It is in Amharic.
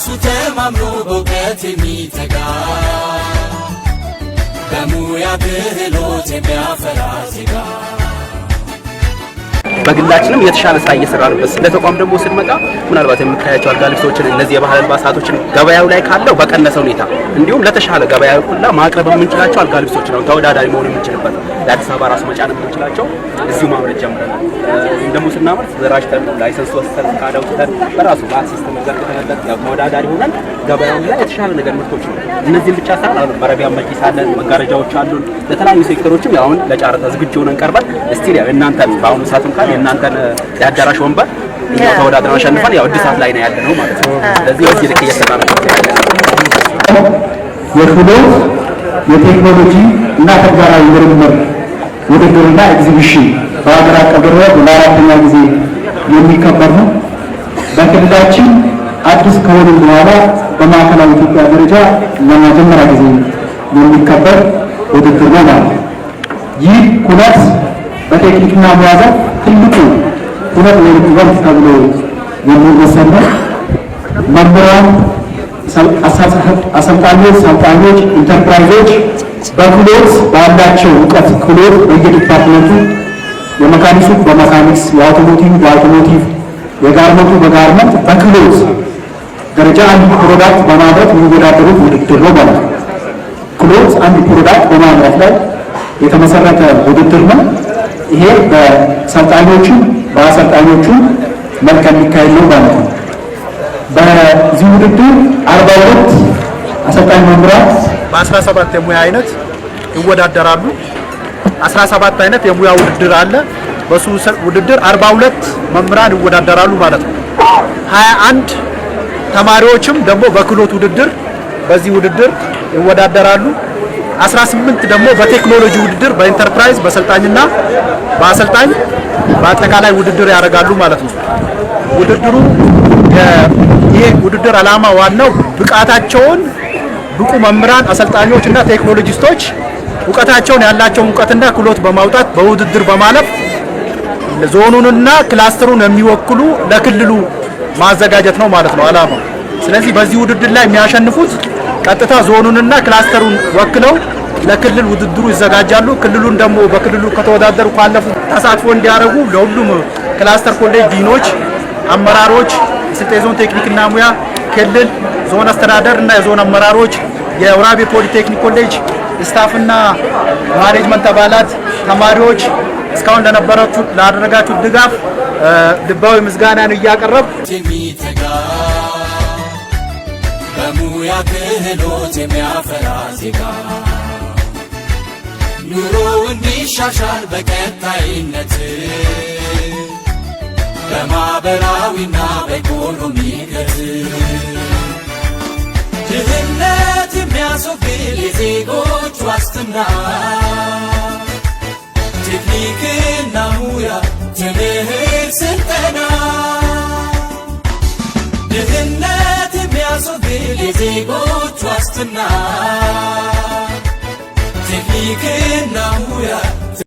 በራሱ ተማምኖ በእውቀት የሚተጋ በሙያ ክህሎት የሚያፈራ ዜጋ በግላችንም የተሻለ ስራ እየሰራንበት ለተቋም ደግሞ ስንመጣ ምናልባት የምታያቸው አልጋ ልብሶችን እነዚህ የባህል አልባሳቶችን ገበያው ላይ ካለው በቀነሰ ሁኔታ እንዲሁም ለተሻለ ገበያ ሁላ ማቅረብ የምንችላቸው አልጋ ልብሶች ነው ተወዳዳሪ መሆን የምንችልበት ለአዲስ አበባ ራሱ መጫን የምንችላቸው እዚሁ ማምረት ጀምረናል። ወይም ደግሞ ስናመርት ዘራጅተን ላይሰንስ ወስተን ካዳውተን በራሱ በሲስተም ዘርግተንለት ተወዳዳሪ ሆነን ገበያው ላይ የተሻለ ነገር ምርቶች ነው። እነዚህም ብቻ ሳይሆን አሁን መረቢያ መጅሊስ አለን፣ መጋረጃዎች አሉን። ለተለያዩ ሴክተሮችም አሁን ለጨረታ ዝግጁ ሆነን ቀርበን ያው የእናንተን በአሁኑ ሰዓት እንኳን የእናንተን የአዳራሽ ወንበር እኛው ተወዳድረን አሸንፈን ያው እድሳት ላይ ነው ያለ ነው ማለት ነው። ስለዚህ ወዚህ ልክ እየሰራ ነው የቴክኖሎጂ እና ተግባራዊ ምርምር ውድድርና ኤግዚቢሽን በሀገር አቀፍ ደረጃ ለአራተኛ ጊዜ የሚከበር ነው። በክልላችን አዲስ ከሆኑ በኋላ በማዕከላዊ ኢትዮጵያ ደረጃ ለመጀመሪያ ጊዜ የሚከበር ውድድር ነው ማለት ነው። ይህ ኩነት በቴክኒክና ሙያ ዘርፍ ትልቁ ኩነት ወይም ኢቨንት ተብሎ የሚወሰድ ነው። መምህራን አሰልጣኞች፣ ሰልጣኞች፣ ኢንተርፕራይዞች በክህሎት ባላቸው እውቀት ክህሎት በየዲፓርትመንቱ የመካኒክሱ በመካኒክስ የአውቶሞቲቭ በአውቶሞቲቭ የጋርመንቱ በጋርመንት በክህሎት ደረጃ አንድ ፕሮዳክት በማምረት የሚወዳደሩት ውድድር ነው ማለት ነው። ክህሎት አንድ ፕሮዳክት በማምረት ላይ የተመሰረተ ውድድር ነው። ይሄ በሰልጣኞቹ በአሰልጣኞቹ መልክ የሚካሄድ ነው ማለት ነው። በዚህ ውድድር ሁለት አሰልጣኝ መምህራን በ ሰባት የሙያ አይነት ይወዳደራሉ። ሰባት አይነት የሙያ ውድድር አለ። በሱ ውድድር አርባ ሁለት መምህራን ይወዳደራሉ ማለት ነው። አንድ ተማሪዎችም ደግሞ በክህሎት ውድድር በዚህ ውድድር ይወዳደራሉ። 18 ደግሞ በቴክኖሎጂ ውድድር በኢንተርፕራይዝ በአሰልጣኝና በአሰልጣኝ በአጠቃላይ ውድድር ያደርጋሉ ማለት ነው። ውድድሩ ይህ ውድድር ዓላማ ዋናው ብቃታቸውን ብቁ መምህራን፣ አሰልጣኞች እና ቴክኖሎጂስቶች እውቀታቸውን ያላቸውን እውቀትና ክህሎት በማውጣት በውድድር በማለፍ ዞኑንና ክላስተሩን የሚወክሉ ለክልሉ ማዘጋጀት ነው ማለት ነው ዓላማው። ስለዚህ በዚህ ውድድር ላይ የሚያሸንፉት ቀጥታ ዞኑንና ክላስተሩን ወክለው ለክልል ውድድሩ ይዘጋጃሉ። ክልሉን ደግሞ በክልሉ ከተወዳደሩ ካለፉ ተሳትፎ እንዲያደርጉ ለሁሉም ክላስተር ኮሌጅ ዲኖች አመራሮች፣ የስልጤ ዞን ቴክኒክና ሙያ ክልል ዞን አስተዳደር እና የዞን አመራሮች፣ የወራቤ ፖሊቴክኒክ ኮሌጅ ስታፍና ማኔጅመንት አባላት፣ ተማሪዎች እስካሁን ለነበራችሁ ላደረጋችሁ ድጋፍ ልባዊ ምስጋናን እያቀረብ የሚተጋ በሙያ ክህሎት የሚያፈራ ዜጋ ኑሮ እንዲሻሻል በቀጣይነት በማህበራዊና በኢኮኖሚ ገድል ድህነት የሚያስወግል የዜጎች ዋስትና ቴክኒክና ሙያ ትምህርት፣ ስልጠና ድህነት የሚያስወግድ የዜጎች ዋስትና ቴክኒክና ሙያ